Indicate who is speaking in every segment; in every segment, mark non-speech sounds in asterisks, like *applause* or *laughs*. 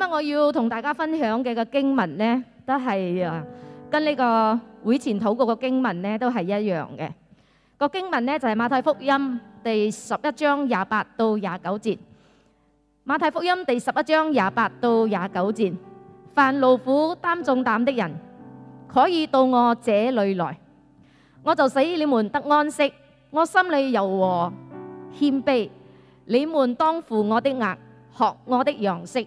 Speaker 1: 今日我要同大家分享嘅個經文咧，都係啊，跟呢個會前討過個經文咧，都係一樣嘅個經文咧，就係馬太福音第十一章廿八到廿九節。馬太福音第十一章廿八到廿九節，凡勞苦擔重擔的人可以到我這裏來，我就使你們得安息。我心裏柔和謙卑，你們當負我的軛，學我的樣式。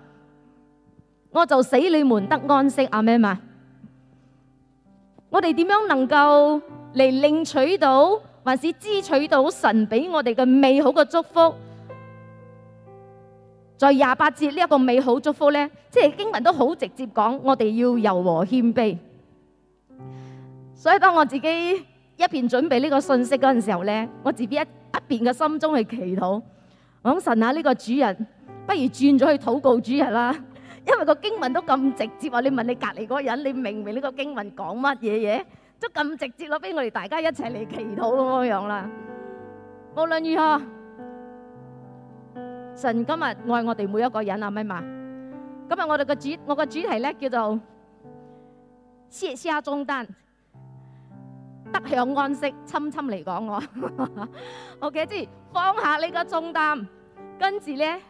Speaker 1: 我就死你們得安息阿們。我哋點樣能夠嚟，領取到，還是支取到神俾我哋嘅美好嘅祝福？在廿八節呢一個美好祝福咧，即係經文都好直接講，我哋要柔和謙卑。所以當我自己一邊準備呢個信息嗰陣時候咧，我自己一一邊嘅心中去祈禱，我講神啊，呢個主人，不如轉咗去禱告主人啦。因為個經文都咁直接啊！你問你隔籬嗰個人，你明唔明呢個經文講乜嘢嘢？都咁直接咯，俾我哋大家一齊嚟祈禱咁樣樣啦。無論如何，神今日愛我哋每一個人啊，咪嘛！今日我哋個主，我個主題咧叫做卸下重擔，得享安息。親親嚟講我，OK，即係放下呢個重擔，跟住咧，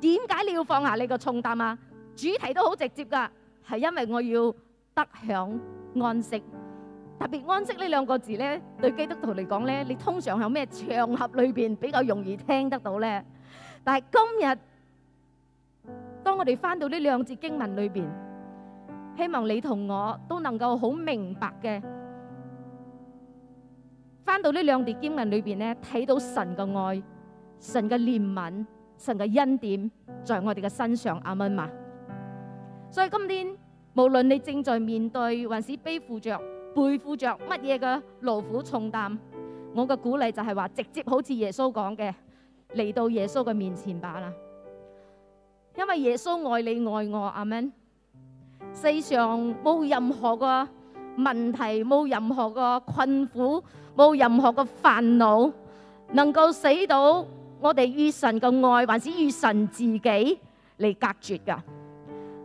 Speaker 1: 點解你要放下呢個重擔啊？主題都好直接㗎，係因為我要得享安息。特別安息呢兩個字咧，對基督徒嚟講咧，你通常喺咩場合裏邊比較容易聽得到咧？但係今日當我哋翻到呢兩節經文裏邊，希望你同我都能夠好明白嘅，翻到呢兩節經文裏邊咧，睇到神嘅愛、神嘅憐憫、神嘅恩典在我哋嘅身上。阿門嘛。所以今天，無論你正在面對還是背負着背負着乜嘢嘅勞苦重擔，我嘅鼓勵就係話，直接好似耶穌講嘅，嚟到耶穌嘅面前吧啦，因為耶穌愛你愛我，阿門，世上冇任何嘅問題，冇任何嘅困苦，冇任何嘅煩惱，能夠使到我哋與神嘅愛，還是與神自己嚟隔絕㗎。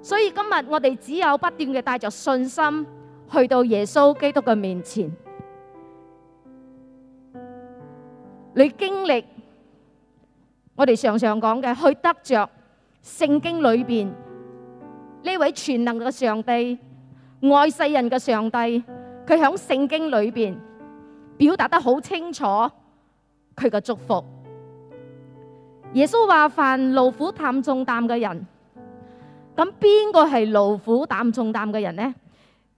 Speaker 1: 所以今日我哋只有不斷嘅帶着信心去到耶穌基督嘅面前，嚟經歷我哋常常講嘅，去得着聖經裏邊呢位全能嘅上帝、愛世人嘅上帝，佢喺聖經裏邊表達得好清楚佢嘅祝福。耶穌話：凡勞苦擔重擔嘅人。咁邊個係勞苦擔重擔嘅人呢？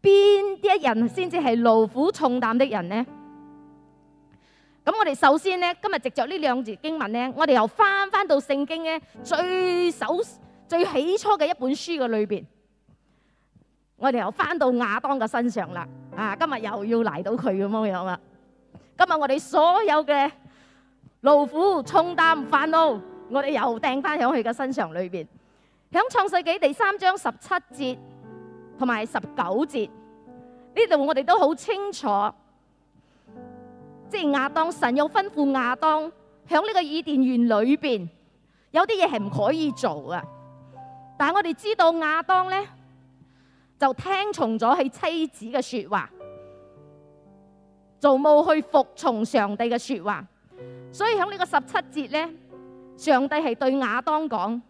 Speaker 1: 邊啲人先至係勞苦重擔的人呢？咁我哋首先呢，今日藉着呢兩節經文呢，我哋又翻翻到聖經呢最首最起初嘅一本書嘅裏邊，我哋又翻到亞當嘅身上啦。啊，今日又要嚟到佢咁樣樣啦。今日我哋所有嘅勞苦重擔煩惱，我哋又掟翻響佢嘅身上裏邊。喺創世紀第三章十七節同埋十九節呢度我哋都好清楚，即係亞當，神有吩咐亞當喺呢個伊甸園裏邊有啲嘢係唔可以做嘅，但係我哋知道亞當咧就聽從咗佢妻子嘅說話，做冇去服從上帝嘅說話，所以喺呢個十七節咧，上帝係對亞當講。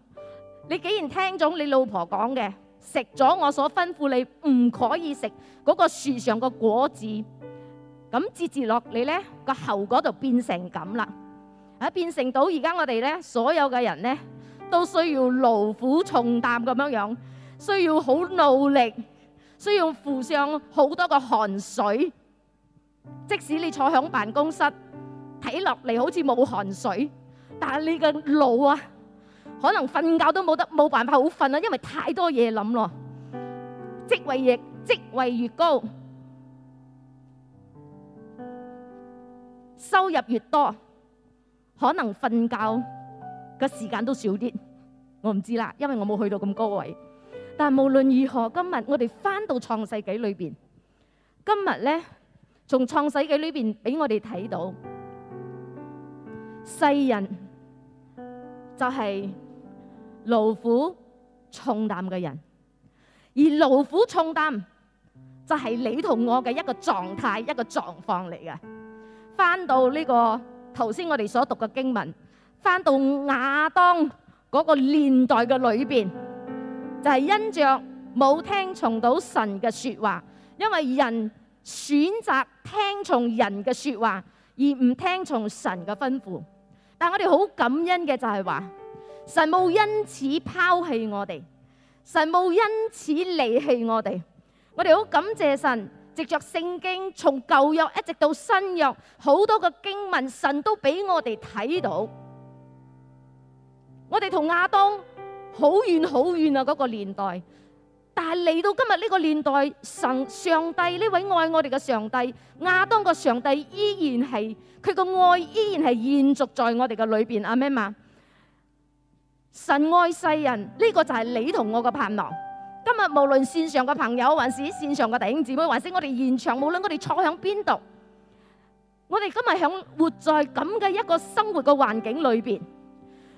Speaker 1: 你既然聽咗你老婆講嘅，食咗我所吩咐你唔可以食嗰個樹上嘅果子，咁接住落嚟呢個後果就變成咁啦，啊變成到而家我哋呢所有嘅人呢都需要勞苦重擔咁樣樣，需要好努力，需要付上好多個汗水。即使你坐喺辦公室睇落嚟好似冇汗水，但係你嘅腦啊！可能瞓覺都冇得冇辦法好瞓啦，因為太多嘢諗咯。職位亦職位越高，收入越多，可能瞓覺嘅時間都少啲。我唔知啦，因為我冇去到咁高位。但無論如何，今日我哋翻到創世紀裏邊，今日呢從創世紀裏邊俾我哋睇到世人。就係勞苦重擔嘅人，而勞苦重擔就係你同我嘅一個狀態、一個狀況嚟嘅。翻到呢個頭先我哋所讀嘅經文，翻到亞當嗰個年代嘅裏邊，就係因着冇聽從到神嘅說話，因為人選擇聽從人嘅說話而唔聽從神嘅吩咐。但我哋好感恩嘅就係話，神冇因此拋棄我哋，神冇因此離棄我哋，我哋好感謝神，藉着聖經從舊約一直到新約，好多嘅經文神都俾我哋睇到，我哋同亞當好遠好遠啊，嗰個年代。但係嚟到今日呢個年代，神上帝，呢位愛我哋嘅上帝，亞當個上帝依然係，佢個愛依然係延續在我哋嘅裏邊啊！咩嘛？神愛世人呢個就係你同我嘅盼望。今日無論線上嘅朋友，還是線上嘅弟兄姊妹，還是我哋現場，無論我哋坐響邊度，我哋今日響活在咁嘅一個生活嘅環境裏邊，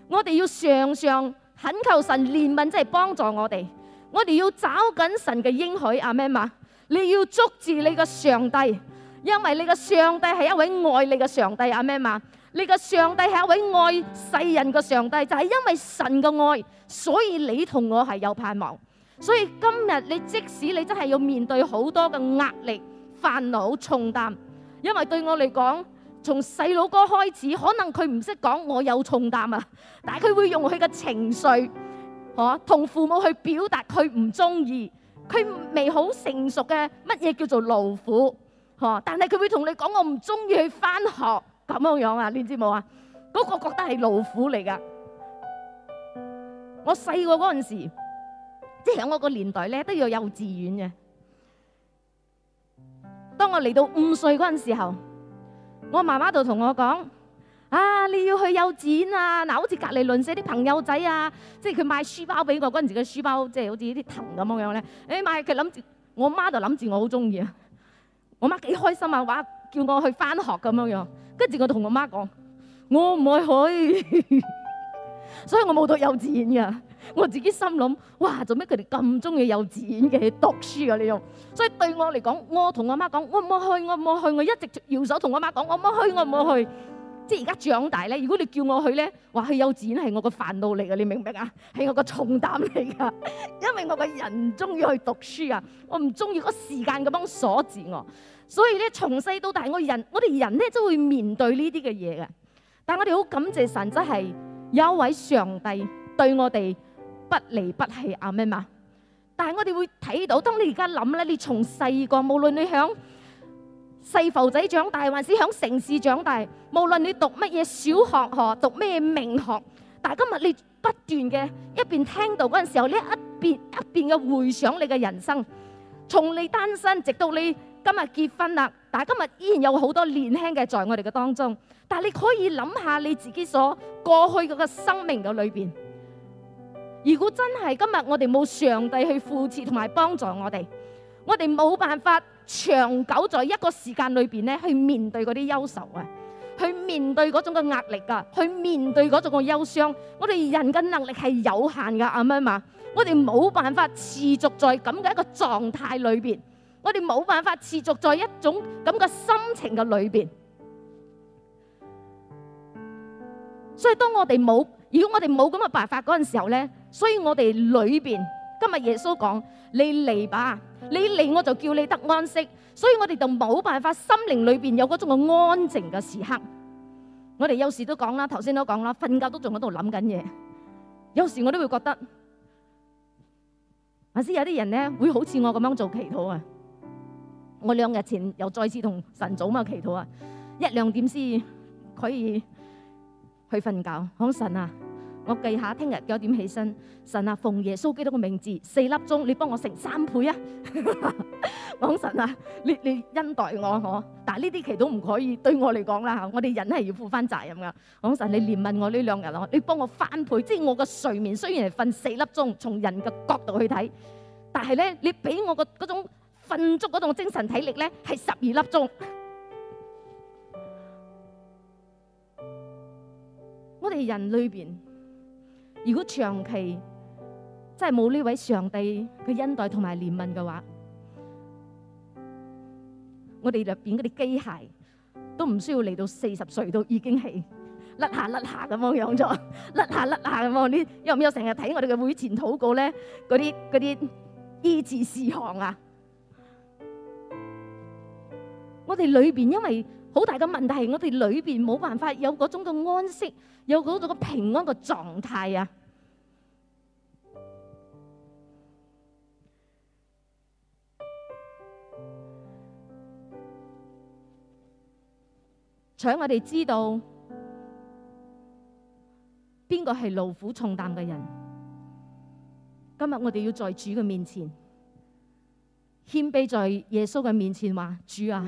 Speaker 1: 我哋要常常懇求神憐憫，即係幫助我哋。我哋要找緊神嘅應許，阿們嘛，你要捉住你個上帝，因為你個上帝係一位愛你嘅上帝，阿們嘛，你個上帝係一位愛世人嘅上帝，就係因為神嘅愛，所以你同我係有盼望。所以今日你即使你真係要面對好多嘅壓力、煩惱、重擔，因為對我嚟講，從細佬哥開始，可能佢唔識講我有重擔啊，但係佢會用佢嘅情緒。同父母去表達佢唔中意，佢未好成熟嘅乜嘢叫做勞苦」啊。哦，但係佢會同你講我唔中意去返學咁樣樣啊？你知冇啊？嗰、那個覺得係勞苦」嚟噶。我細個嗰陣時，即、就、係、是、我個年代咧都要幼稚園嘅。當我嚟到五歲嗰陣時候，我媽媽就同我講。啊！你要去幼稚園啊？嗱、啊，好似隔離鄰舍啲朋友仔啊，即係佢買書包俾我嗰陣時嘅書包，即係好似啲藤咁樣咧。誒買佢諗住，我媽就諗住我好中意啊。我媽幾開心啊！話叫我去返學咁樣樣。跟住我同我媽講，我唔會去， *laughs* 所以我冇讀幼稚園嘅。我自己心諗，哇！做咩佢哋咁中意幼稚園嘅讀書啊？你樣？所以對我嚟講，我同我媽講，我唔去，我唔去，去，我一直搖手同我媽講，我唔去，我唔去。即係而家長大咧，如果你叫我去咧，話去幼稚園係我個煩惱嚟嘅，你明唔明啊？係我個重擔嚟㗎，因為我個人唔中意去讀書啊，我唔中意嗰時間咁樣鎖住我，所以咧，從細到大我人我哋人咧都會面對呢啲嘅嘢嘅。但我哋好感謝神，真係有一位上帝對我哋不離不棄啊！咩嘛？但係我哋會睇到，當你而家諗咧，你從細個無論你響。細浮仔長大，還是響城市長大。無論你讀乜嘢小學學，讀咩名學，但係今日你不斷嘅一邊聽到嗰陣時候，你一邊一邊嘅回想你嘅人生，從你單身直到你今日結婚啦。但係今日依然有好多年輕嘅在我哋嘅當中。但係你可以諗下你自己所過去嗰個生命嘅裏邊。如果真係今日我哋冇上帝去扶持同埋幫助我哋。我哋冇辦法長久在一個時間裏邊咧去面對嗰啲憂愁啊，去面對嗰種嘅壓力噶，去面對嗰種嘅憂傷。我哋人嘅能力係有限噶，阿媽嘛，我哋冇辦法持續在咁嘅一個狀態裏邊，我哋冇辦法持續在一種咁嘅心情嘅裏邊。所以當我哋冇，如果我哋冇咁嘅辦法嗰陣時候咧，所以我哋裏邊。今日耶穌講：你嚟吧，你嚟我就叫你得安息。所以我哋就冇辦法，心靈裏邊有嗰種嘅安靜嘅時刻。我哋有時都講啦，頭先都講啦，瞓覺都仲喺度諗緊嘢。有時我都會覺得，係咪先有啲人咧會好似我咁樣做祈禱啊！我兩日前又再次同神祖媽祈禱啊，一兩點先可以去瞓覺。好神啊！我記下聽日九點起身，神啊，奉耶穌基督嘅名字，四粒鐘你幫我乘三倍啊！講神啊，你你恩待我嗬。但係呢啲期都唔可以，對我嚟講啦吓，我哋人係要負翻責任噶。講神你憐憫我呢兩日哦，你幫我翻倍，即係我嘅睡眠雖然係瞓四粒鐘，從人嘅角度去睇，但係咧你俾我個嗰種瞓足嗰種精神體力咧係十二粒鐘。我哋人類邊。如果長期真係冇呢位上帝嘅恩待同埋憐憫嘅話，我哋入邊嗰啲機械都唔需要嚟到四十歲都已經係甩下甩下咁樣掉下掉下樣咗，甩下甩下咁樣啲，有唔有成日睇我哋嘅會前禱告咧？嗰啲嗰啲醫治事項啊，我哋裏邊因為。好大嘅問題，我哋裏邊冇辦法有嗰種嘅安息，有嗰種嘅平安嘅狀態啊！請我哋知道邊個係勞苦重擔嘅人？今日我哋要在主嘅面前，謙卑在耶穌嘅面前話：主啊！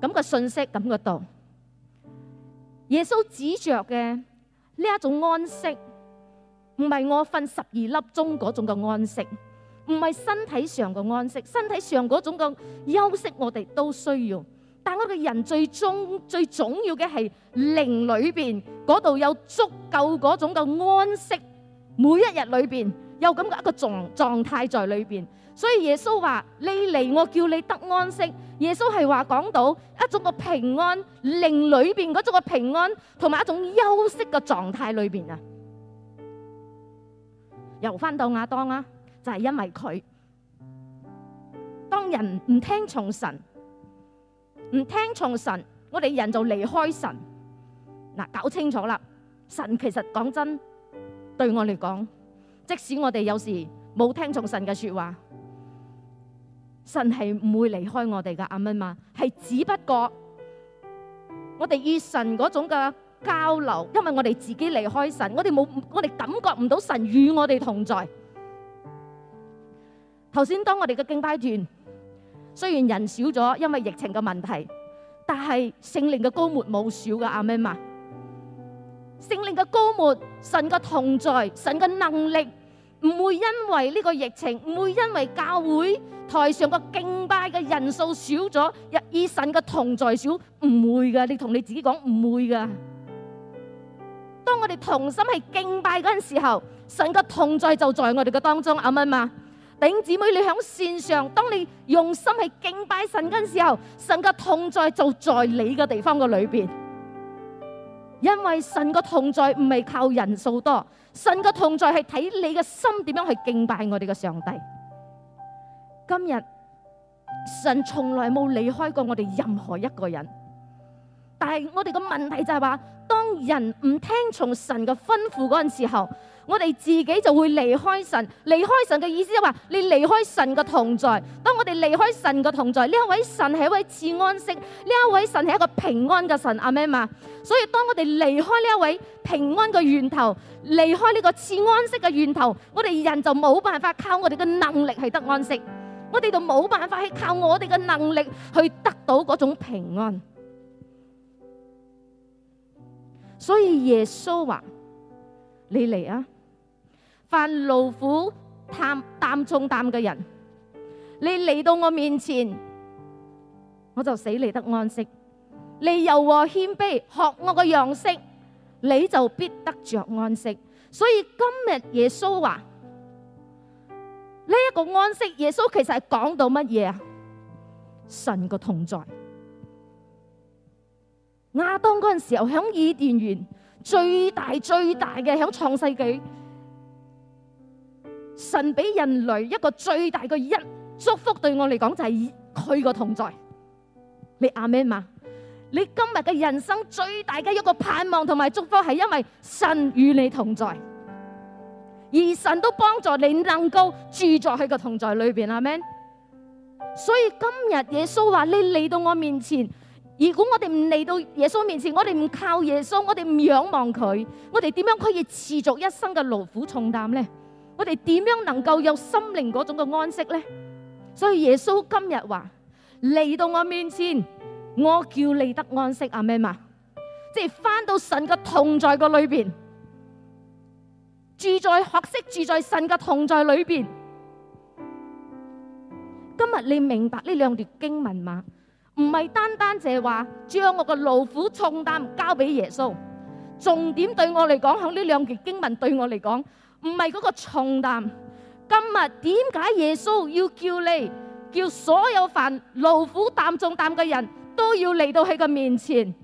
Speaker 1: 咁嘅信息，咁嘅度，耶穌指著嘅呢一種安息，唔係我瞓十二粒鐘嗰種嘅安息，唔係身體上嘅安息，身體上嗰種嘅休息我哋都需要，但我嘅人最終最重要嘅係靈裏邊嗰度有足夠嗰種嘅安息，每一日裏邊有咁嘅一個狀狀態在裏邊。所以耶穌話：你嚟，我叫你得安息。耶穌係話講到一種個平安，靈裏邊嗰種個平安同埋一種休息嘅狀態裏邊啊。又翻到亞當啦，就係、是、因為佢當人唔聽從神，唔聽從神，我哋人就離開神。嗱，搞清楚啦，神其實講真對我嚟講，即使我哋有時冇聽從神嘅説話。神係唔會離開我哋嘅，阿們嘛係，只不過我哋與神嗰種嘅交流，因為我哋自己離開神，我哋冇，我哋感覺唔到神與我哋同在。頭先當我哋嘅敬拜團，雖然人少咗，因為疫情嘅問題，但係聖靈嘅膏抹冇少嘅，阿們嘛，聖靈嘅膏抹，神嘅同在，神嘅能力。唔會因為呢個疫情，唔會因為教會台上個敬拜嘅人數少咗，日以神嘅同在少，唔會噶。你同你自己講唔會噶。當我哋同心係敬拜嗰陣時候，神嘅同在就在我哋嘅當中，啱唔啱啊？弟兄姊妹，你響線上，當你用心係敬拜神嗰陣時候，神嘅同在就在你嘅地方嘅裏邊，因為神嘅同在唔係靠人數多。神嘅同在係睇你嘅心點樣去敬拜我哋嘅上帝。今日，神從來冇離開過我哋任何一個人，但係我哋嘅問題就係話，當人唔聽從神嘅吩咐嗰陣時候。我哋自己就會離開神，離開神嘅意思就係話你離開神嘅同在。當我哋離開神嘅同在，呢一位神係一位賜安息。呢一位神係一個平安嘅神阿咩嘛。所以當我哋離開呢一位平安嘅源頭，離開呢個賜安息嘅源頭，我哋人就冇辦法靠我哋嘅能力係得安息，我哋就冇辦法去靠我哋嘅能力去得到嗰種平安。所以耶穌話：你嚟啊！凡勞苦擔擔重擔嘅人，你嚟到我面前，我就使你得安息；你柔和謙卑，學我嘅樣式，你就必得着安息。所以今日耶穌話呢一個安息，耶穌其實係講到乜嘢啊？神嘅同在。亞當嗰陣時候喺伊甸園最大最大嘅喺創世紀。神俾人類一個最大嘅一祝福，對我嚟講就係佢個同在。你阿們嘛？你今日嘅人生最大嘅一個盼望同埋祝福係因為神與你同在，而神都幫助你能夠住在佢個同在裏邊。阿們？所以今日耶穌話：你嚟到我面前。如果我哋唔嚟到耶穌面前，我哋唔靠耶穌，我哋唔仰望佢，我哋點樣可以持續一生嘅勞苦重擔呢？我哋點樣能夠有心靈嗰種嘅安息呢？所以耶穌今日話，嚟到我面前，我叫你得安息阿們嘛？即係翻到神嘅同在個裏邊，住在學識住在神嘅同在裏邊。今日你明白呢兩段經文嘛？唔係單單淨係話將我嘅勞苦重擔交俾耶穌，重點對我嚟講，響呢兩段經文對我嚟講。唔係嗰個重擔，今日點解耶穌要叫你叫所有凡勞苦擔重擔嘅人都要嚟到佢嘅面前？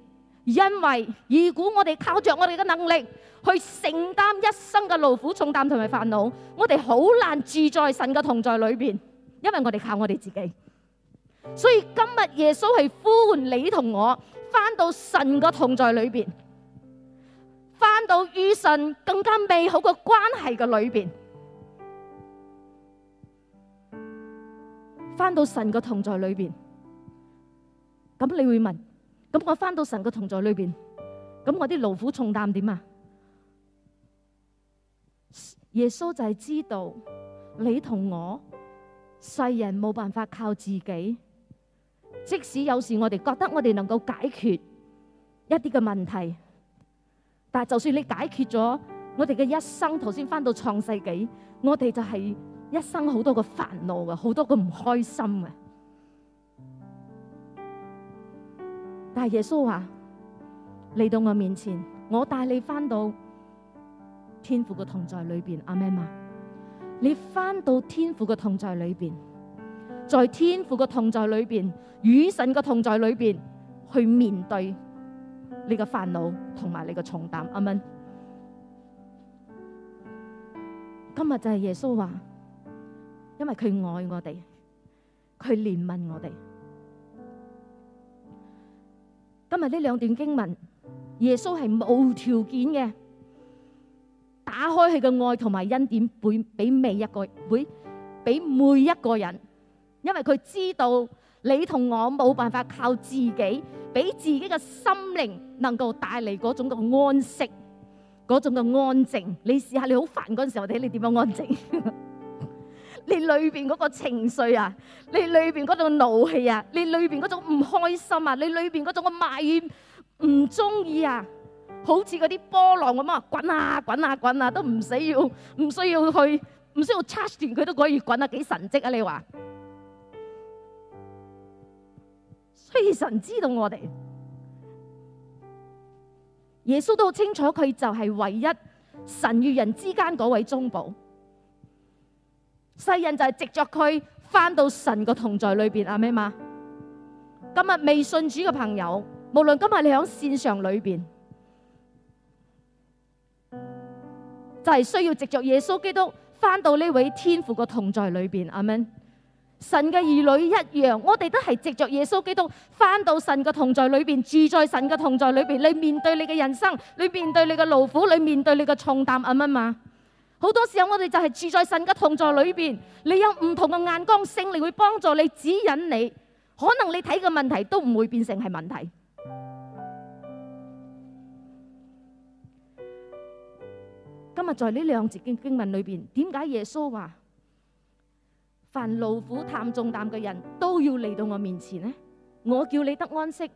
Speaker 1: 因為如果我哋靠着我哋嘅能力去承擔一生嘅勞苦重擔同埋煩惱，我哋好難住在神嘅同在裏邊，因為我哋靠我哋自己。所以今日耶穌係呼喚你同我返到神嘅同在裏邊。返到與神更加美好嘅關係嘅裏邊，返到神嘅同在裏邊，咁你會問：咁我返到神嘅同在裏邊，咁我啲勞苦重擔點啊？耶穌就係知道你同我，世人冇辦法靠自己，即使有時我哋覺得我哋能夠解決一啲嘅問題。但係就算你解決咗我哋嘅一生，頭先翻到創世紀，我哋就係一生好多個煩惱嘅，好多個唔開心嘅。但係耶穌話：嚟到我面前，我帶你翻到天父嘅同在裏邊。阿們、啊，你翻到天父嘅同在裏邊，在天父嘅同在裏邊，與神嘅同在裏邊去面對。你嘅煩惱同埋你嘅重擔，阿們，今日就係耶穌話，因為佢愛我哋，佢憐憫我哋。今日呢兩段經文，耶穌係無條件嘅，打開佢嘅愛同埋恩典，會俾每一個會俾每一個人，因為佢知道你同我冇辦法靠自己。俾自己嘅心靈能夠帶嚟嗰種嘅安息，嗰種嘅安靜。你試下你好煩嗰陣時候，睇你點樣安靜。 *laughs* 你裏邊嗰個情緒啊，你裏邊嗰種怒氣啊，你裏邊嗰種唔開心啊，你裏邊嗰種嘅埋怨唔中意啊，好似嗰啲波浪咁啊，滾啊滾啊滾啊，都唔使要，唔需要去，唔需要 touch 斷佢都可以滾啊，幾神蹟啊你話？雖神知道我哋，耶穌都好清楚，佢就係唯一神與人之間嗰位中保。世人就係藉着佢返到神嘅同在裏邊，阿們嘛。今日未信主嘅朋友，無論今日你響線上裏邊，就係、是、需要藉着耶穌基督返到呢位天父嘅同在裏邊，阿們。神嘅兒女一樣，我哋都係藉着耶穌基督返到神嘅同在裏邊，住在神嘅同在裏邊。你面對你嘅人生，你面對你嘅勞苦，你面對你嘅重擔，啱唔啱？好多時候我哋就係住在神嘅同在裏邊，你有唔同嘅眼光性，聖靈會幫助你、指引你，可能你睇嘅問題都唔會變成係問題。今日在呢兩節經經文裏邊，點解耶穌話？凡勞苦擔重擔嘅人都要嚟到我面前呢，我叫你得安息，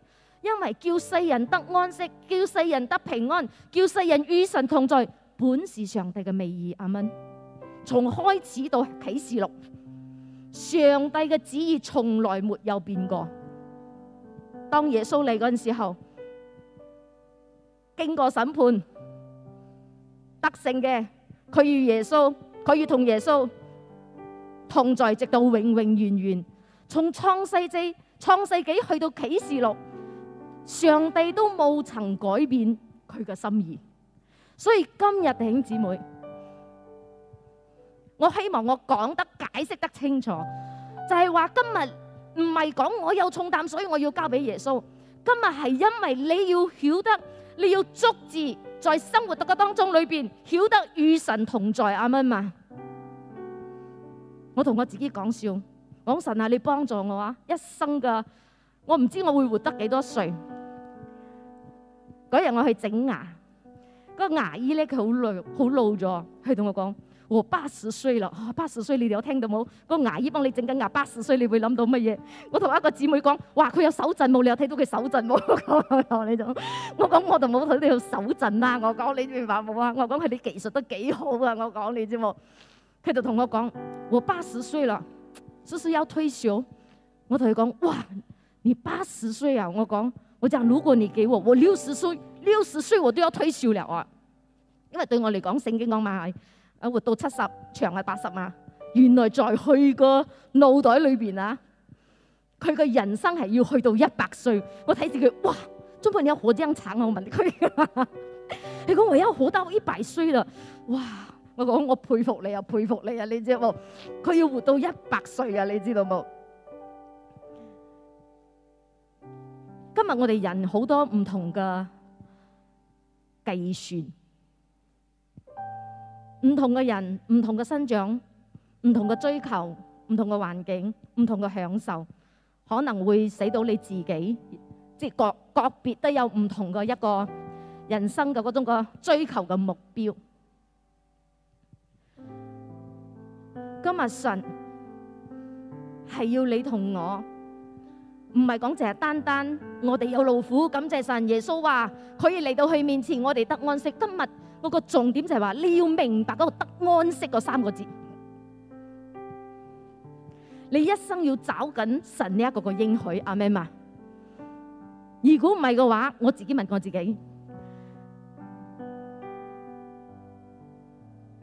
Speaker 1: 因為叫世人得安息，叫世人得平安，叫世人與神同在，本是上帝嘅美意。阿門，從開始到啟示錄，上帝嘅旨意從來沒有變過。當耶穌嚟嗰陣時候，經過審判得勝嘅，佢與耶穌，佢要同耶穌。同在直到永永遠遠，從創世紀創世紀去到啟示錄，上帝都冇曾改變佢嘅心意。所以今日弟兄姊妹，我希望我講得解釋得清楚，就係話今日唔係講我有重擔，所以我要交俾耶穌。今日係因為你要曉得，你要捉住，在生活嘅當中裏邊，曉得與神同在。阿們嘛。我同我自己講笑，講神啊，你幫助我啊！一生嘅我唔知我會活得幾多歲。嗰日我去整牙，個牙醫咧，佢好老好老咗，佢同我講：我八十歲啦，哦、八十歲你哋有聽到冇？個牙醫幫你整緊牙，八十歲你會諗到乜嘢？我同一個姊妹講：哇，佢有手震冇？你有睇到佢手震冇？呢種我講我就冇睇到手震啦，我講你明白冇啊？我講佢哋技術都幾好啊，我講你知冇？佢就同我講：我八十歲啦，這是要退休。我同佢講：哇，你八十歲啊！我講，我講，如果你幾，我六十歲，六十歲我都要退休啦。哦，因為對我嚟講，聖經講嘛啊活到七十長係八十嘛。原來在佢個腦袋裏邊啊，佢嘅人生係要去到一百歲。我睇住佢，哇！中判你有好張橙我問佢，佢 *laughs* 講我要活到一百歲啦，哇！我講我佩服你啊，佩服你啊！你知道冇？佢要活到一百歲啊！你知道冇？今日我哋人好多唔同嘅計算，唔同嘅人，唔同嘅生長，唔同嘅追求，唔同嘅環境，唔同嘅享受，可能會使到你自己，即各個別都有唔同嘅一個人生嘅嗰種嘅追求嘅目標。今日神係要你同我，唔係講淨係單單我哋有勞苦，感謝神耶穌話、啊，可以嚟到佢面前，我哋得安息。今日嗰個重點就係話，你要明白嗰個得安息嗰三個字，你一生要找緊神呢一個個應許，阿門嗎。如果唔係嘅話，我自己問我自己。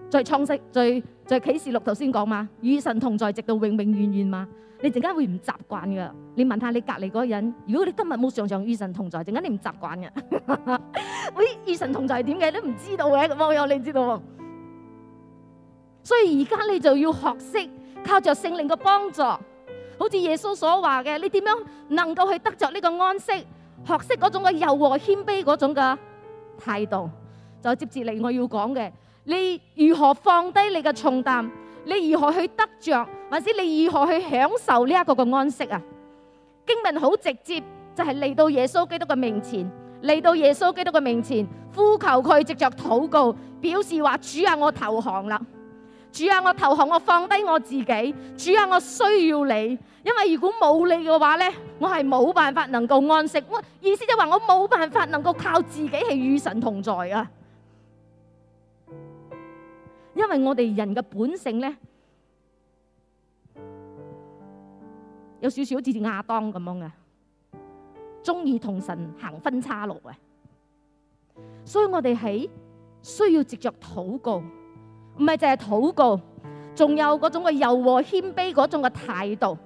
Speaker 1: 再創世，再在啟示錄頭先講嘛，與神同在直到永永遠遠嘛。你陣間會唔習慣嘅。你問下你隔離嗰個人，如果你今日冇常常與神同在，陣間你唔習慣嘅。喂，與神同在係點嘅？你唔知道嘅、啊，網友，你知道、啊？所以而家你就要學識，靠着聖靈嘅幫助，好似耶穌所話嘅，你點樣能夠去得着呢個安息？學識嗰種嘅柔和謙卑嗰種嘅態度，就接住嚟我要講嘅。你如何放低你嘅重擔？你如何去得着，或者你如何去享受呢一個嘅安息啊？經文好直接，就係、是、嚟到耶穌基督嘅面前，嚟到耶穌基督嘅面前，呼求佢，藉着禱告，表示話主啊，我投降啦，主啊，我投降，我放低我自己，主啊，我需要你，因為如果冇你嘅話呢，我係冇辦法能夠安息，我意思就話我冇辦法能夠靠自己係與神同在啊。因為我哋人嘅本性咧，有少少好似似亞當咁樣嘅，中意同神行分叉路嘅，所以我哋喺需要藉着禱告，唔係淨係禱告，仲有嗰種嘅柔和謙卑嗰種嘅態度。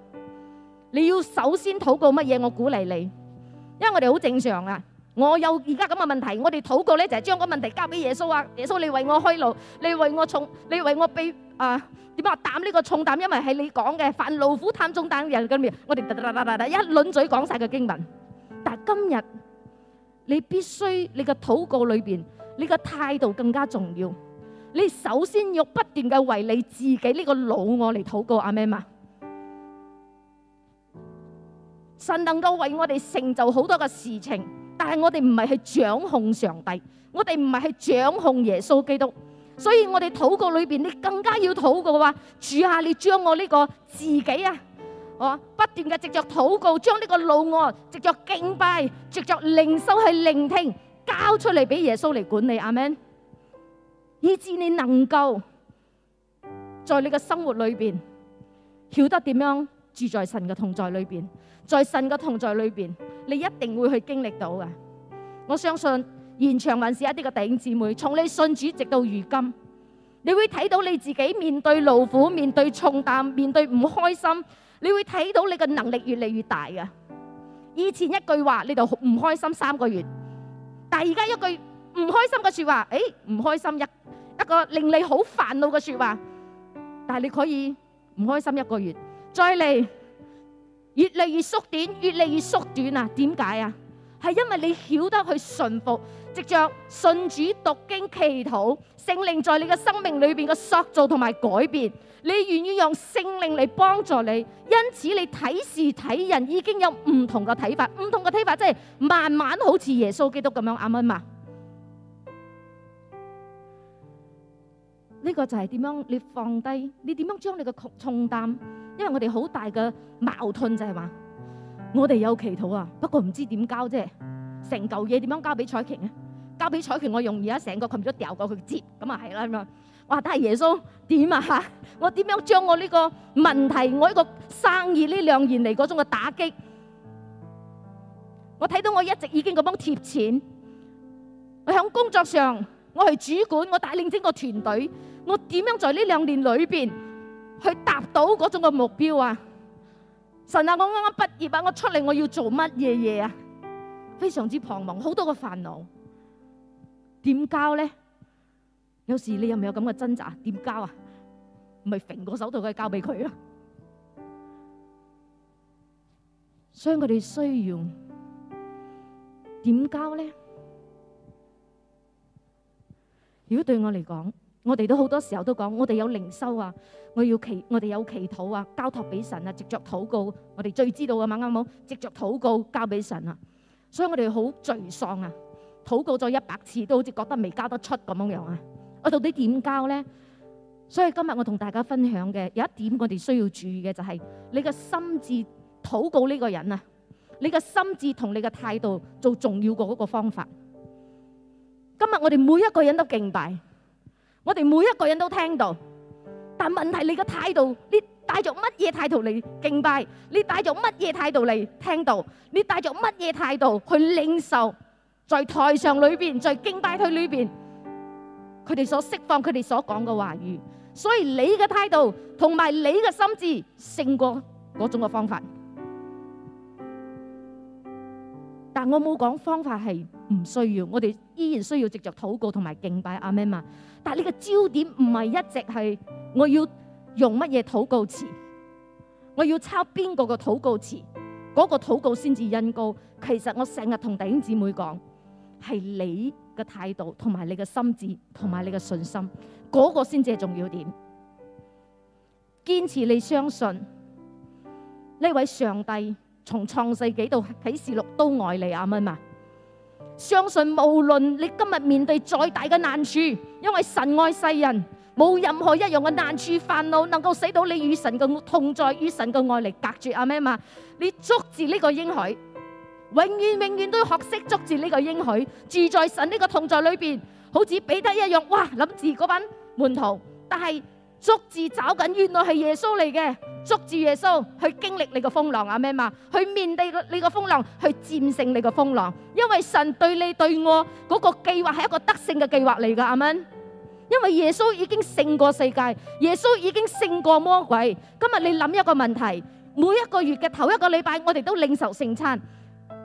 Speaker 1: 你要首先禱告乜嘢？我鼓勵你，因為我哋好正常啊。我有而家咁嘅問題，我哋禱告咧就係將個問題交俾耶穌啊！耶穌，你為我開路，你為我重，你為我避啊！點啊？擔呢個重擔，因為係你講嘅，凡勞苦擔重擔嘅人咁樣，我哋噠噠噠噠噠，一輪嘴講晒個經文。但係今日，你必須你嘅禱告裏邊，你嘅態度更加重要。你首先要不斷嘅為你自己呢個老我嚟禱告，阿們。神能夠為我哋成就好多嘅事情。但係我哋唔係去掌控上帝，我哋唔係去掌控耶穌基督，所以我哋禱告裏邊，你更加要禱告嘅話，主啊，你將我呢個自己啊，我不斷嘅藉着禱告，將呢個老我藉着敬拜、藉着靈修去聆聽，交出嚟俾耶穌嚟管理，阿們，以致你能夠在你嘅生活裏邊曉得點樣。住在神嘅同在裏邊，在神嘅同在裏邊，你一定會去經歷到嘅。我相信現場還是一啲嘅弟兄姊妹，從你信主直到如今，你會睇到你自己面對勞苦、面對重擔、面對唔開心，你會睇到你嘅能力越嚟越大嘅。以前一句話你就唔開心三個月，但係而家一句唔開心嘅說話，誒唔開心一一個令你好煩惱嘅說話，但係你可以唔開心一個月。再嚟，越嚟越縮短，越嚟越縮短啊！點解啊？係因為你曉得去順服，藉着信主讀經祈禱，聖靈在你嘅生命裏邊嘅塑造同埋改變，你願意用聖靈嚟幫助你，因此你睇事睇人已經有唔同嘅睇法，唔同嘅睇法，即係慢慢好似耶穌基督咁樣，啱吖嘛？呢個就係點樣？你放低，你點樣將你嘅重擔？因為我哋好大嘅矛盾就係話，我哋有祈禱啊，不過唔知點交啫，成嚿嘢點樣交俾彩瓊咧？交俾彩瓊我容易啊，成個群都掉過去接，咁啊係啦嘛。我話但係耶穌點啊吓？我點樣將我呢個問題，我呢個生意呢兩年嚟嗰種嘅打擊，我睇到我一直已經咁樣貼錢，我響工作上我係主管，我帶領整個團隊，我點樣在呢兩年裏邊？去達到嗰種嘅目標啊！神啊，我啱啱畢業啊，我出嚟我要做乜嘢嘢啊？非常之彷徨，好多嘅煩惱，點交咧？有時你是是有唔有咁嘅掙扎？點交啊？咪揈個手度佢交俾佢啦！所以佢哋需要點交咧？如果對我嚟講，我哋都好多時候都講，我哋有靈修啊，我要祈，我哋有祈禱啊，交託俾神啊，直接禱告，我哋最知道㗎嘛，啱冇？直接禱告交俾神啊，所以我哋好沮喪啊，禱告咗一百次都好似覺得未交得出咁樣樣啊，我到底點交咧？所以今日我同大家分享嘅有一點，我哋需要注意嘅就係你嘅心智禱告呢個人啊，你嘅心智同你嘅態度做重要過嗰個方法。今日我哋每一個人都敬拜。我哋每一個人都聽到，但問題你嘅態度，你帶住乜嘢態度嚟敬拜？你帶住乜嘢態度嚟聽到？你帶住乜嘢態度去領受？在台上裏邊，在敬拜佢裏邊，佢哋所釋放佢哋所講嘅話語，所以你嘅態度同埋你嘅心智勝過嗰種嘅方法。但我冇講方法係唔需要，我哋依然需要藉着禱告同埋敬拜。阿們。但係呢個焦點唔係一直係我要用乜嘢禱告詞，我要抄邊個嘅禱告詞，嗰個禱告先至因告，其實我成日同弟兄姊妹講，係你嘅態度同埋你嘅心智同埋你嘅信心，嗰個先至係重要點。堅持你相信呢位上帝從創世紀到啟示錄都愛你啊，阿妹嘛。相信無論你今日面對再大嘅難處，因為神愛世人，冇任何一樣嘅難處煩惱能夠使到你與神嘅同在、與神嘅愛嚟隔絕啊！阿們嘛，你捉住呢個應許，永遠永遠都要學識捉住呢個應許，住在神呢個同在裏邊，好似彼得一樣，哇諗住嗰班門徒，但係。捉住找緊，原來係耶穌嚟嘅。捉住耶穌去經歷你個風浪，阿咩嘛？去面對你個風浪，去戰勝你個風浪。因為神對你對我嗰個計劃係一個得勝嘅計劃嚟㗎，阿咩。因為耶穌已經勝過世界，耶穌已經勝過魔鬼。今日你諗一個問題：每一個月嘅頭一個禮拜，我哋都領受聖餐。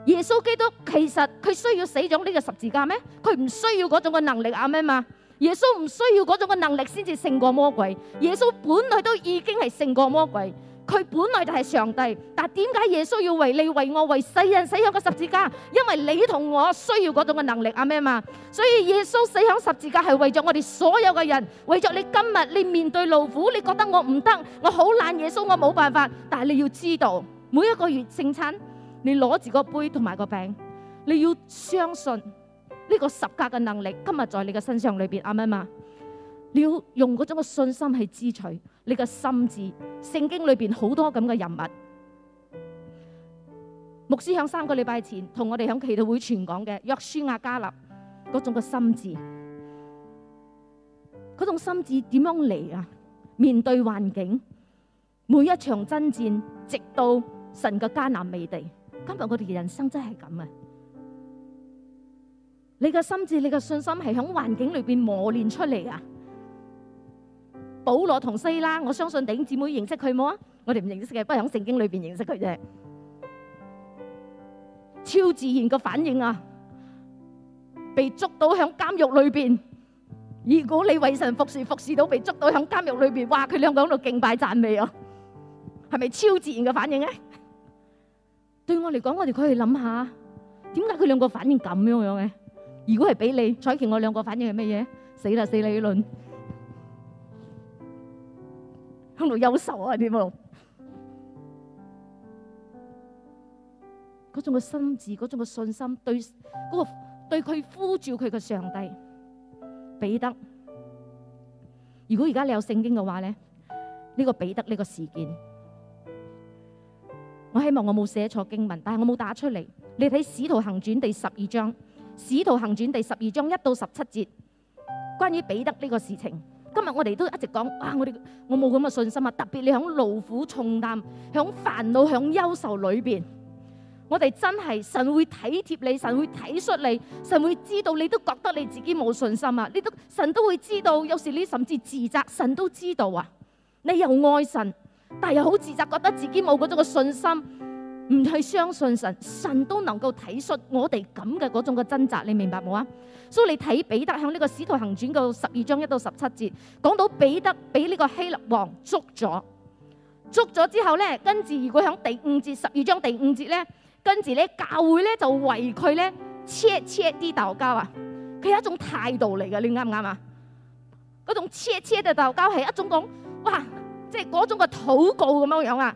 Speaker 1: 耶穌基督其實佢需要死咗呢個十字架咩？佢唔需要嗰種嘅能力，阿咩嘛？耶穌唔需要嗰種嘅能力先至勝過魔鬼，耶穌本來都已經係勝過魔鬼，佢本來就係上帝。但係點解耶穌要為你為我為世人死響個十字架？因為你同我需要嗰種嘅能力啊咩嘛。所以耶穌死響十字架係為咗我哋所有嘅人，為咗你今日你面對勞苦，你覺得我唔得，我好難耶穌，我冇辦法。但係你要知道，每一個月聖餐，你攞住個杯同埋個餅，你要相信。呢個十格嘅能力，今日在你嘅身上裏邊啱唔啱啊？你要用嗰種嘅信心去支取你嘅心智。聖經裏邊好多咁嘅人物，牧師響三個禮拜前同我哋響祈禱會傳講嘅約書亞迦勒嗰種嘅心智，嗰種心智點樣嚟啊？面對環境，每一場爭戰，直到神嘅迦南美地，今日我哋嘅人生真係咁啊！你嘅心智、你嘅信心係響環境裏邊磨練出嚟啊！保羅同西拉，我相信弟兄姊妹認識佢冇啊？我哋唔認識嘅，不過響聖經裏邊認識佢啫。超自然嘅反應啊！被捉到響監獄裏邊，如果你為神服侍，服侍到被捉到響監獄裏邊，哇！佢兩個喺度敬拜讚美啊！係咪超自然嘅反應咧？對我嚟講，我哋可以諗下，點解佢兩個反應咁樣樣嘅？如果係俾你採決，我兩個反應係咩嘢？死啦！死理論，響度憂愁啊！啲毛嗰種嘅心智，嗰種嘅信心，對嗰個對佢呼召佢嘅上帝彼得。如果而家你有聖經嘅話咧，呢個彼得呢個事件，我希望我冇寫錯經文，但係我冇打出嚟。你睇《使徒行傳》第十二章。使徒行傳第十二章一到十七節，關於彼得呢個事情，今日我哋都一直講，哇！我哋我冇咁嘅信心啊，特別你響勞苦重擔、響煩惱、響憂愁裏邊，我哋真係神會體貼你，神會體恤你，你，神會知道你都覺得你自己冇信心啊，你都神都會知道，有時你甚至自責，神都知道啊。你又愛神，但係又好自責，覺得自己冇嗰種嘅信心。唔去相信神，神都能夠體恤我哋咁嘅嗰種嘅掙扎，你明白冇啊？所以你睇彼得響呢個使徒行傳嘅十二章一到十七節，講到彼得俾呢個希律王捉咗，捉咗之後咧，跟住如果響第五節十二章第五節咧，跟住咧教會咧就為佢咧切切啲禱告啊，佢係一種態度嚟嘅，你啱唔啱啊？嗰種切切嘅禱告係一種講，哇！即係嗰種嘅禱告咁樣樣啊。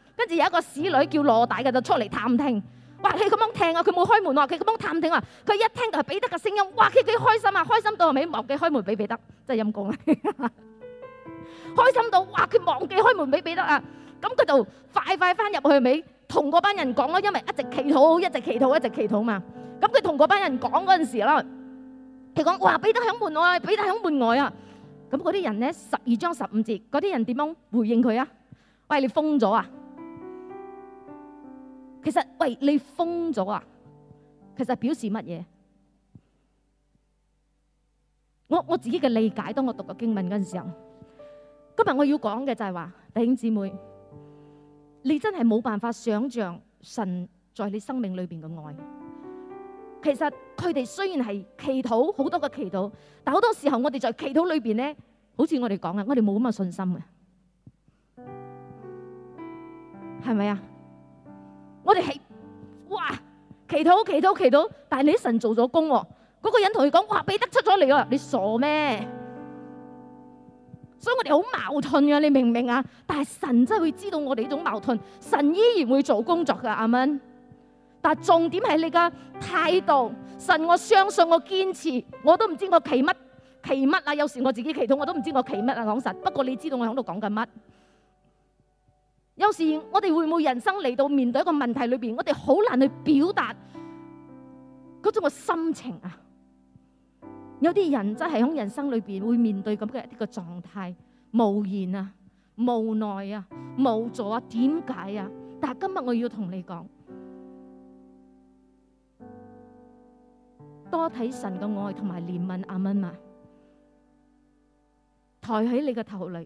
Speaker 1: 跟住有一個使女叫羅大嘅，就出嚟探聽。哇！佢咁樣聽啊，佢冇開門喎。佢咁樣探聽啊，佢一聽就係彼得嘅聲音。哇！佢幾開心啊，開心到係咪忘記開門俾彼得？真係陰公陰功啊！開心到哇！佢忘記開門俾彼得啊！咁佢就快快翻入去咪同嗰班人講咯。因為一直祈禱，一直祈禱，一直祈禱嘛。咁佢同嗰班人講嗰陣時啦，佢講：哇！彼得喺門外，彼得喺門外啊！咁嗰啲人咧，十二章十五節嗰啲人點樣回應佢啊？餵！你瘋咗啊！其實喂，你瘋咗啊！其實表示乜嘢？我我自己嘅理解，當我讀過經文嗰陣時候，今日我要講嘅就係話，弟兄姊妹，你真係冇辦法想象神在你生命裏邊嘅愛。其實佢哋雖然係祈禱好多嘅祈禱，但好多時候我哋在祈禱裏邊咧，好似我哋講嘅，我哋冇咁嘅信心嘅，係咪啊？我哋係，哇，祈禱祈禱祈禱，但係你嘅神做咗工喎。嗰個人同佢講：哇，俾得出咗嚟啊！你傻咩？所以我哋好矛盾啊！你明唔明啊？但係神真係會知道我哋呢種矛盾，神依然會做工作噶，阿們。但係重點係你嘅態度，神我相信，我堅持，我都唔知我祈乜祈乜啊！有時我自己祈禱，我都唔知我祈乜啊。講實，不過你知道我喺度講緊乜？有時我哋會冇人生嚟，到面對一個問題裏邊，我哋好難去表達嗰種嘅心情啊！有啲人真係響人生裏邊會面對咁嘅一啲個狀態，無言啊，無奈啊，無助啊，點解啊？但係今日我要同你講，多睇神嘅愛同埋憐憫阿蚊嘛，啊嗯、啊抬起你個頭嚟。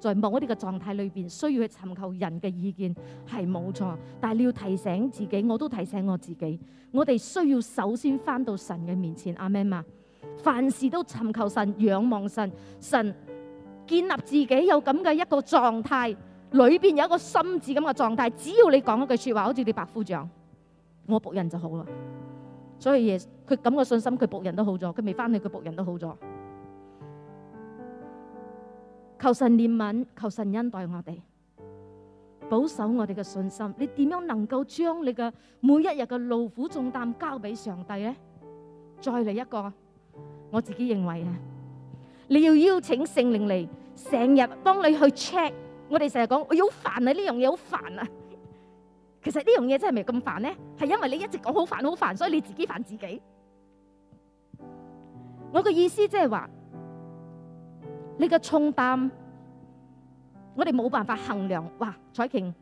Speaker 1: 在我哋嘅狀態裏邊，需要去尋求人嘅意見，係冇錯。但係你要提醒自己，我都提醒我自己，我哋需要首先返到神嘅面前。阿們嘛，凡事都尋求神，仰望神，神建立自己有咁嘅一個狀態，裏邊有一個心智咁嘅狀態。只要你講一句説話，好似你百夫長，我僕人就好啦。所以佢咁嘅信心，佢僕人都好咗，佢未返去佢僕人都好咗。求神憐憫，求神恩待我哋，保守我哋嘅信心。你點樣能夠將你嘅每一日嘅勞苦重擔交俾上帝呢？再嚟一個，我自己認為啊，你要邀請聖靈嚟，成日幫你去 check。我哋成日講，我好煩啊，呢樣嘢好煩啊。其實呢樣嘢真係咪咁煩呢？係因為你一直講好煩好煩，所以你自己煩自己。我嘅意思即係話。呢個重擔，我哋冇辦法衡量。哇，彩瓊，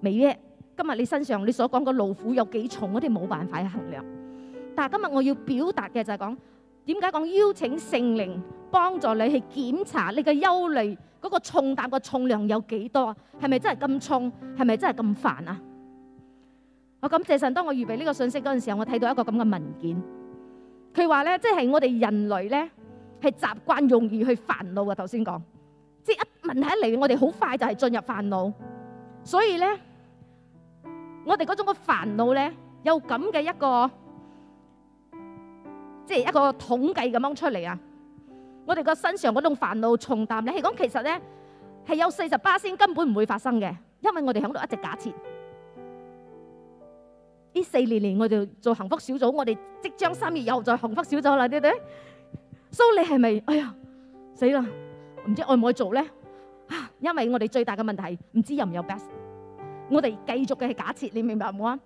Speaker 1: 美耶，今日你身上你所講個勞苦有幾重？我哋冇辦法去衡量。但係今日我要表達嘅就係講，點解講邀請聖靈幫助你去檢查你嘅憂慮嗰個重擔嘅重量有幾多？係咪真係咁重？係咪真係咁煩啊？我感謝神，當我預備呢個信息嗰陣時候，我睇到一個咁嘅文件，佢話咧，即係我哋人類咧，係習慣容易去煩惱嘅，頭先講，即係一問題一嚟，我哋好快就係進入煩惱。所以咧，我哋嗰種嘅煩惱咧，有咁嘅一個，即係一個統計咁樣出嚟啊！我哋個身上嗰種煩惱重擔咧，係講其實咧係有四十八先根本唔會發生嘅，因為我哋喺度一直假設。呢四年嚟我哋做幸福小組，我哋即將三月以後做幸福小組啦，啲啲。所以你係咪哎呀死啦？唔知愛唔愛做咧？啊，因為我哋最大嘅問題係唔知有唔有 best。我哋繼續嘅係假設，你明白冇啊？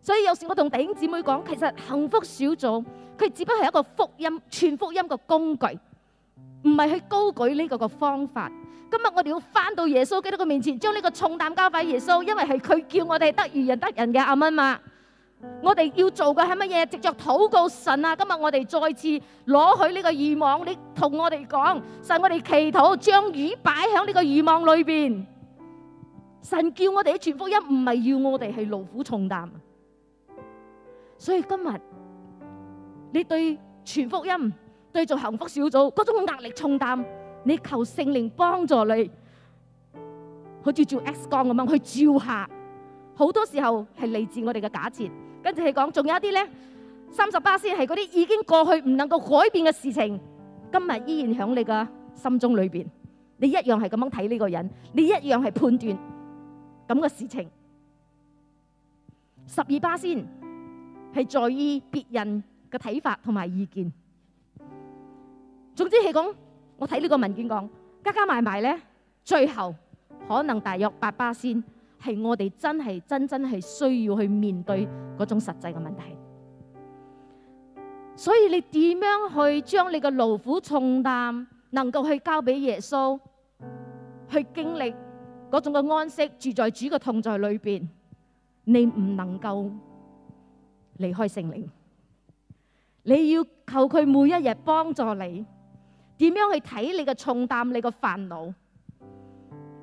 Speaker 1: 所以有時我同弟兄姊妹講，其實幸福小組佢只不過係一個福音全福音嘅工具，唔係去高舉呢個嘅方法。今日我哋要翻到耶穌基督嘅面前，將呢個重擔交返耶穌，因為係佢叫我哋得義人得人嘅阿媽。我哋要做嘅係乜嘢？藉著禱告神啊，今日我哋再次攞佢呢個漁網，你同我哋講，神，我哋祈禱將魚擺喺呢個漁網裏邊。神叫我哋喺全福音唔係要我哋係勞苦重擔，所以今日你對全福音對做幸福小組嗰種壓力重擔，你求聖靈幫助你，好似做 X 光咁樣去照下，好多時候係嚟自我哋嘅假設。跟住佢講，仲有一啲咧，三十巴仙係嗰啲已經過去唔能夠改變嘅事情，今日依然喺你嘅心中裏邊，你一樣係咁樣睇呢個人，你一樣係判斷咁嘅事情。十二巴仙係在意別人嘅睇法同埋意見。總之係講，我睇呢個文件講，加加埋埋咧，最後可能大約八巴仙。係我哋真係真真係需要去面對嗰種實際嘅問題，所以你點樣去將你嘅勞苦重擔能夠去交俾耶穌去經歷嗰種嘅安息，住在主嘅痛在裏面，你唔能夠離開聖靈，你要求佢每一日幫助你，點樣去睇你嘅重擔、你嘅煩惱。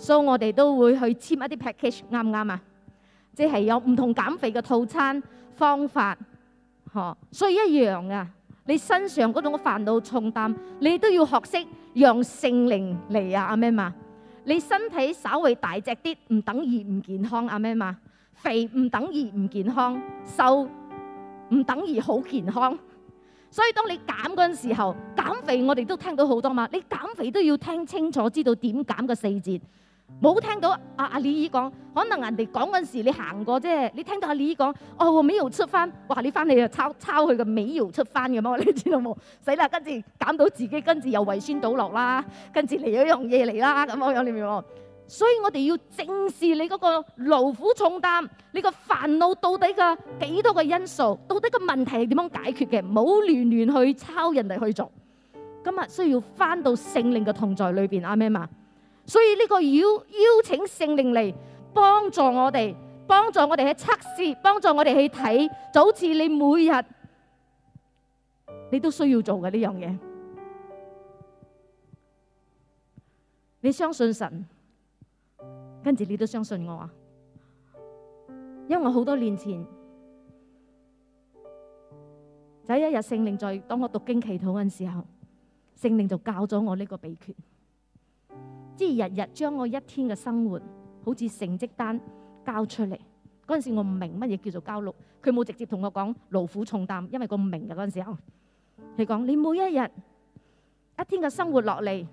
Speaker 1: 所以我哋都會去簽一啲 package，啱唔啱啊？即係有唔同減肥嘅套餐方法，呵。所以一樣啊，你身上嗰種煩惱重擔，你都要學識讓聖靈嚟啊！阿們嘛，你身體稍微大隻啲，唔等於唔健康，阿們嘛，肥唔等於唔健康，瘦唔等於好健康。所以當你減嗰陣時候，減肥我哋都聽到好多嘛。你減肥都要聽清楚，知道點減嘅四節。冇聽到阿、啊、阿李姨講，可能人哋講嗰陣時你行過啫，你聽到阿、啊、李姨講哦美油出翻，哇你翻嚟就抄抄佢嘅美油出翻咁噉，你知道冇？死啦！跟住減到自己，跟住又胃酸倒落啦，跟住嚟一樣嘢嚟啦咁樣，你明冇？所以我哋要正視你嗰個勞苦重擔，你個煩惱到底嘅幾多個因素，到底個問題係點樣解決嘅？唔好亂亂去抄人哋去做，今日需要翻到聖靈嘅同在裏邊，阿咩嘛？所以呢個邀邀請聖靈嚟幫助我哋，幫助我哋去測試，幫助我哋去睇，就好似你每日你都需要做嘅呢樣嘢。你相信神，跟住你都相信我啊！因為我好多年前就一日聖靈在當我讀經祈禱嗰陣時候，聖靈就教咗我呢個秘訣。即日日將我一天嘅生活好似成績單交出嚟嗰陣時，我唔明乜嘢叫做焦慮。佢冇直接同我講勞苦重擔，因為我唔明嘅嗰陣時候，佢講，你每一日一天嘅生活落嚟，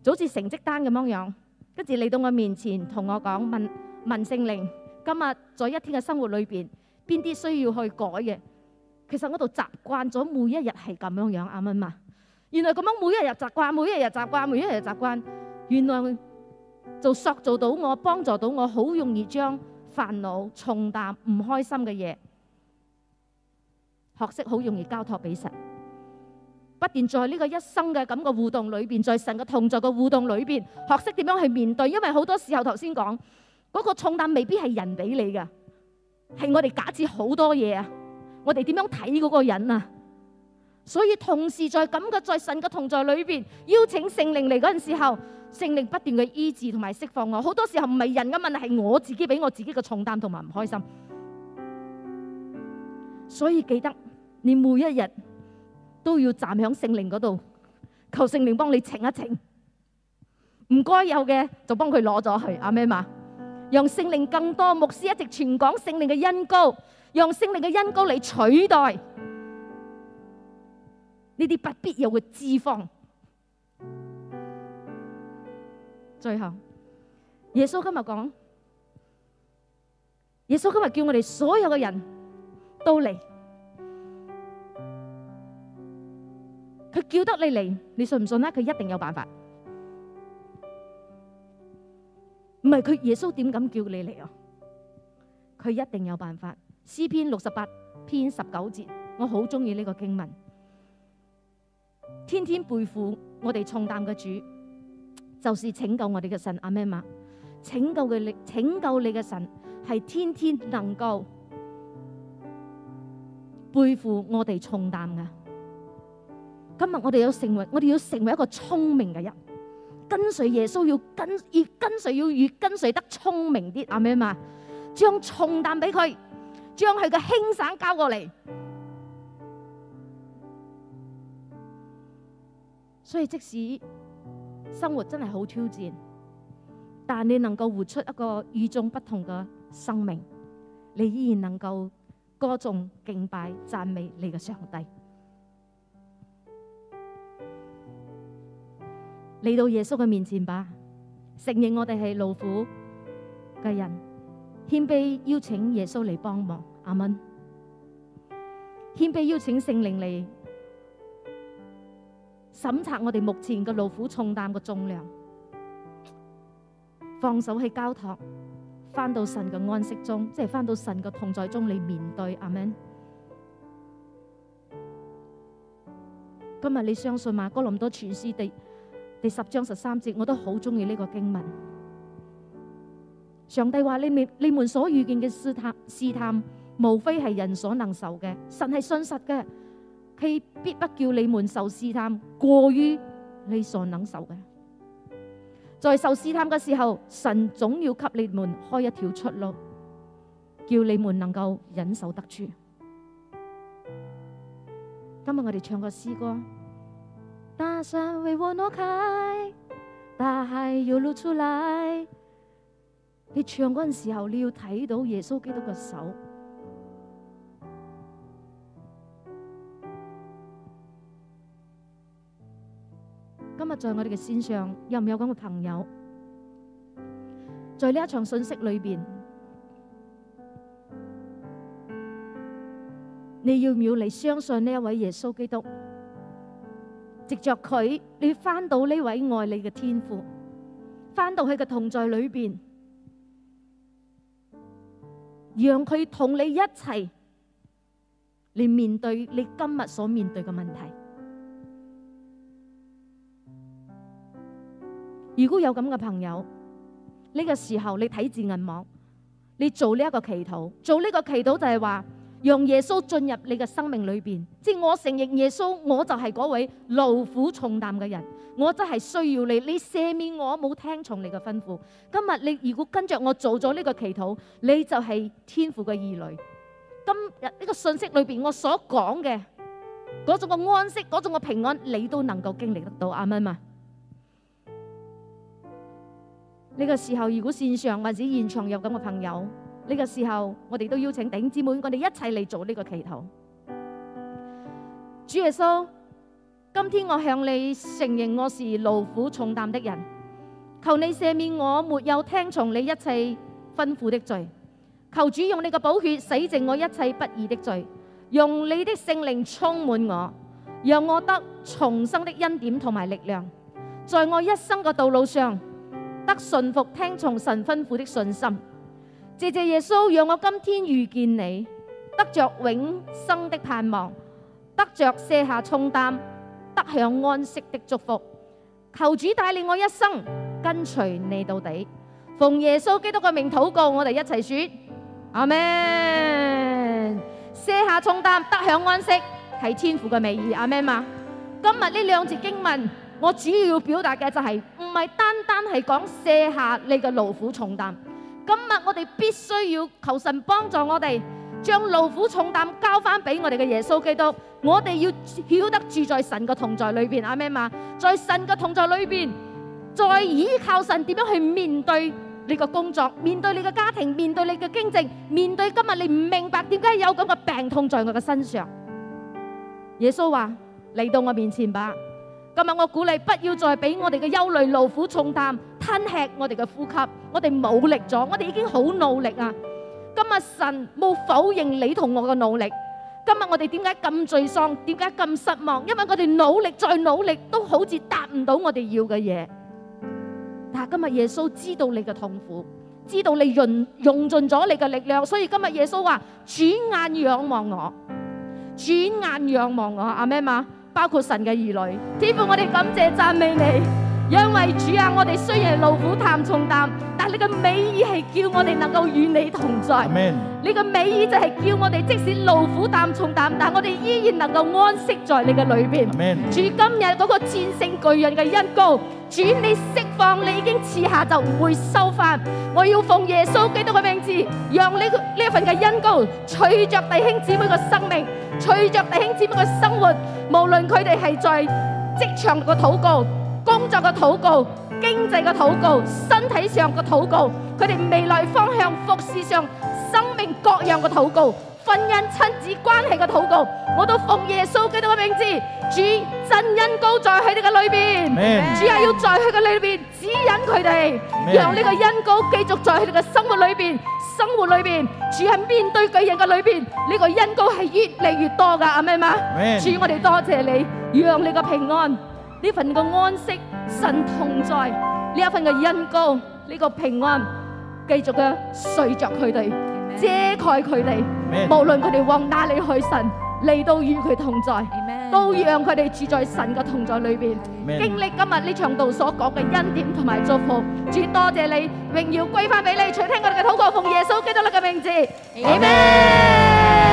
Speaker 1: 就好似成績單咁樣樣，跟住嚟到我面前同我講，問問聖靈今日在一天嘅生活裏邊邊啲需要去改嘅。其實我度習慣咗每一日係咁樣樣，啱唔啱嘛？原來咁樣，每一日習慣，每一日習慣，每一日習慣。原來就塑造到我，幫助到我，好容易將煩惱、重擔、唔開心嘅嘢，學識好容易交託俾神。不斷在呢個一生嘅咁個互動裏邊，在神嘅同在嘅互動裏邊，學識點樣去面對。因為好多時候頭先講嗰個重擔未必係人俾你㗎，係我哋假設好多嘢啊，我哋點樣睇嗰個人啊？所以，同時在感覺在神嘅同在裏邊，邀請聖靈嚟嗰陣時候，聖靈不斷嘅醫治同埋釋放我。好多時候唔係人嘅問題，係我自己俾我自己嘅重擔同埋唔開心。所以記得，你每一日都要站喺聖靈嗰度，求聖靈幫你請一請，唔該有嘅就幫佢攞咗去。阿咩嘛，讓聖靈更多牧師一直傳講聖靈嘅恩膏，讓聖靈嘅恩膏嚟取代。呢啲不必有嘅脂肪。最後，耶穌今日講，耶穌今日叫我哋所有嘅人都嚟。佢叫得你嚟，你信唔信咧啊？佢一定有辦法。唔係佢耶穌點敢叫你嚟啊？佢一定有辦法。詩篇六十八篇十九節，我好中意呢個經文。天天背負我哋重擔嘅主，就是拯救我哋嘅神阿咩嘛。拯、啊、救嘅你，拯救你嘅神係天天能夠背負我哋重擔嘅。今日我哋要成為，我哋要成為一個聰明嘅人，跟隨耶穌要跟要跟隨要越跟，跟隨得聰明啲，阿咩嘛。啊！將重擔俾佢，將佢嘅輕省交過嚟。所以即使生活真係好挑戰，但你能夠活出一個與眾不同嘅生命，你依然能夠歌頌敬拜讚美你嘅上帝。嚟 *noise* 到耶穌嘅面前吧，承認我哋係勞苦嘅人，謙卑邀請耶穌嚟幫忙。阿們。i 謙卑邀請聖靈嚟。審查我哋目前嘅勞苦重擔嘅重量，放手去交託，返到神嘅安息中，即係返到神嘅同在中嚟面對。阿門。今日你相信嗎？哥林多前書第第十章十三節，我都好中意呢個經文。上帝話：你你你們所遇見嘅試探試探，無非係人所能受嘅。神係信實嘅。祂必不叫你們受試探過於你所能受嘅。在受試探嘅時候，神總要給你們開一條出路，叫你們能夠忍受得住。今日我哋唱個詩歌，大山為我挪開，大海要露出來。你唱嗰陣時候，你要睇到耶穌基督嘅手。在我哋嘅線上有唔有咁嘅朋友？在呢一場信息裏邊，你要唔要嚟相信呢一位耶穌基督？藉着佢，你翻到呢位愛你嘅天父，翻到佢嘅同在裏邊，讓佢同你一齊嚟面對你今日所面對嘅問題。如果有咁嘅朋友，呢個時候你睇字銀幕，你做呢一個祈禱，做呢個祈禱就係話，讓耶穌進入你嘅生命裏邊，即係我承認耶穌，我就係嗰位勞苦重擔嘅人，我真係需要你，你赦免我冇聽從你嘅吩咐。今日你如果跟着我做咗呢個祈禱，你就係天父嘅兒女。今日呢個信息裏邊我所講嘅，嗰種嘅安息，嗰種嘅平安，你都能夠經歷得到，阿們。呢個時候，如果線上或者現場有咁嘅朋友，呢個時候我哋都邀請頂姊妹，我哋一齊嚟做呢個祈禱。主耶穌，今天我向你承認我是勞苦重擔的人，求你赦免我沒有聽從你一切吩咐的罪。求主用你嘅寶血洗淨我一切不義的罪，用你的聖靈充滿我，讓我得重生的恩典同埋力量，在我一生嘅道路上。得信服聽從神吩咐的信心，謝謝耶穌讓我今天遇見你，得着永生的盼望，得着卸下重擔，得享安息的祝福。求主帶領我一生跟隨你到底，奉耶穌基督嘅名禱告，我哋一齊說阿門。卸下重擔，得享安息係天父嘅美意，阿門嘛！今日呢兩節經文。我主要要表達嘅就係唔係單單係講卸下你嘅勞苦重擔，今日我哋必須要求神幫助我哋，將勞苦重擔交翻俾我哋嘅耶穌基督。我哋要曉得住在神嘅同在裏邊，阿們嗎，在神嘅同在裏邊，再倚靠神點樣去面對你嘅工作，面對你嘅家庭，面對你嘅經濟，面對今日你唔明白點解有咁嘅病痛在我嘅身上。耶穌話：嚟到我面前吧。今日我鼓勵，不要再俾我哋嘅憂慮、勞苦、重擔吞吃我哋嘅呼吸，我哋冇力咗，我哋已經好努力啊！今日神冇否認你同我嘅努力。今日我哋點解咁沮喪？點解咁失望？因為我哋努力再努力，都好似達唔到我哋要嘅嘢。但係今日耶穌知道你嘅痛苦，知道你用用盡咗你嘅力量，所以今日耶穌話：轉眼仰望我，轉眼仰望我，阿們嘛。包括神嘅兒女，天父我哋感謝讚美你，因為主啊，我哋雖然勞苦擔重擔，但你嘅美意係叫我哋能夠與你同在。Amen. 你嘅美意就係叫我哋即使勞苦擔重擔，但我哋依然能夠安息在你嘅裏邊。Amen. 主今日嗰個戰勝巨人嘅恩膏，主你釋放，你已經賜下就唔會收翻。我要奉耶穌基督嘅名字，讓呢呢一份嘅恩膏取着弟兄姊妹嘅生命。隨着弟兄姊妹嘅生活，無論佢哋係在職場嘅禱告、工作嘅禱告、經濟嘅禱告、身體上嘅禱告，佢哋未來方向、服事上、生命各樣嘅禱告，婚姻親子關係嘅禱告，我都奉耶穌基督嘅名字，主真恩膏在喺佢哋嘅裏邊，主係要在喺佢哋裏邊指引佢哋，讓呢個恩膏繼續在佢哋嘅生活裏邊，生活裏邊住喺面對巨人嘅裏邊，呢個恩膏係越嚟越多噶阿媽媽，主我哋多謝你，讓你嘅平安呢份嘅安息神同在呢一份嘅恩膏呢個平安繼續嘅睡着佢哋。遮蓋佢哋，Amen. 無論佢哋往哪裏去神，神嚟到與佢同在，Amen. 都讓佢哋住在神嘅同在裏邊，Amen. 經歷今日呢場道所講嘅恩典同埋祝福。主多謝你，榮耀歸翻俾你，垂聽我哋嘅禱告，奉耶穌基督你嘅名字，Amen.